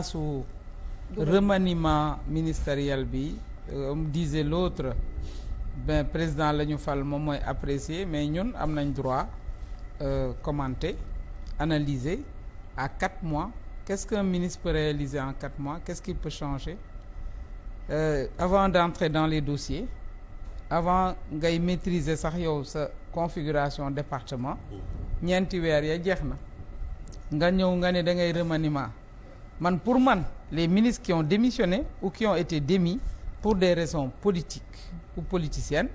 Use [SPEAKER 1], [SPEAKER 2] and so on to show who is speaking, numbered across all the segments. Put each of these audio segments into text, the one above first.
[SPEAKER 1] su remaniement ministériel bi comme euh, disait l'autre ben président la ñu fal moom mooy apprécier mais ñun am nañ droit euh, commenter analyser à quatre mois qu'est-ce qu'un ministre peut réaliser en quatre mois qu'est-ce qu'il peut changer euh, avant d'entrer dans les dossiers avant ngay maîtriser sax yow sa configuration département ñeenti weer ya jeex na nga ñëw nga ne da ngay man pour man les ministres qui ont démissionné ou qui ont été démis pour des raisons politiques ou politiciennes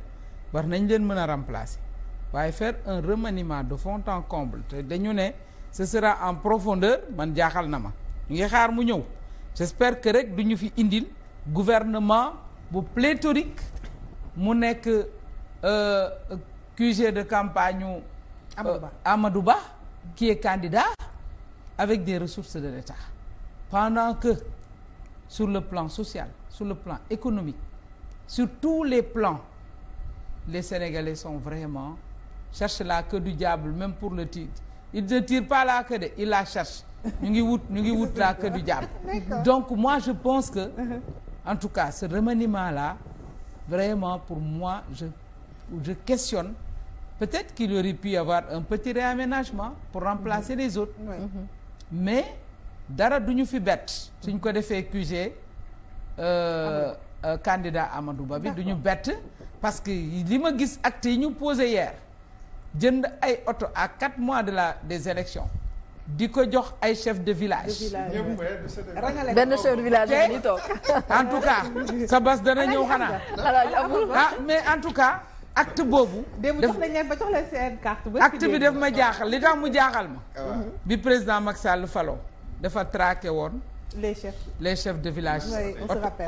[SPEAKER 1] war nañ leen mën a remplacer waaye faire un remaniement de fond en comble te dañu ne ce sera en profondeur man jaaxal na ma ñu ngi xaar mu ñëw j'espère que rek du ñu fi indil gouvernement bu pléthorique mu nekk euh, QG de campagne ñu euh, Amadou Ba qui est candidat avec des ressources de l'État pendant que sur le plan social sur le plan économique sur tous les plans les Sénégalais sont vraiment cherchent la que du diable même pour le titre ils ne tirent pas la queue de ils la cherchent ñu ngi wut ñu ngi wut la queue du diable donc moi je pense que uh-huh. en tout cas ce remaniement là vraiment pour moi je je questionne peut-être qu'il aurait pu y avoir un petit réaménagement pour remplacer mm -hmm. les autres mais dara du ñu fi bett suñ ko defee QG euh, euh, candidat Amadou Ba bi du ñu bett parce que li ma gis acte yi ñu posé hier jënd ay oto à quatre mois de la des élections di ko jox ay chef de village benn chef de village ni toog en tout cas sa bas dana ñëw xanaa ah mais en tout cas acte boobu démb jox nañ leen ba jox leen seen carte bi def ma jaaxal li tax mu jaaxal ma ah. bi président Macky Sall falo dafa traqué woon. les chefs les chefs de village. oui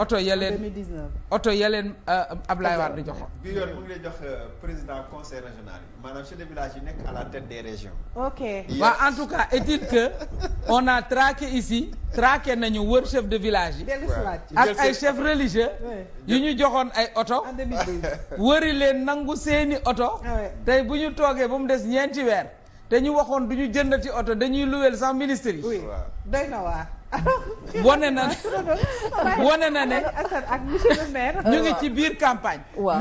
[SPEAKER 1] oto yaleen 2019 oto ya leen euh, Wade joxoon. bii yoon mu ngi lay jox euh, président conseil régional yi maanaam chef de nekk à la tête des régions. ok waaw en tout cas est que on a traqué ici traqué nañu wër chef de village yi. ak ay chefs religieux. yu ñu joxoon ay oto. wëri leen nangu seeni oto. Ah tey bu ñu toogee ba mu des ñeenti weer. te ñu waxoon du ñu jëndati oto dañuy luweel sax ministre yi. oui doy na waar. wane na wane na ne. ak monsieur le ñu ngi ci biir campagne.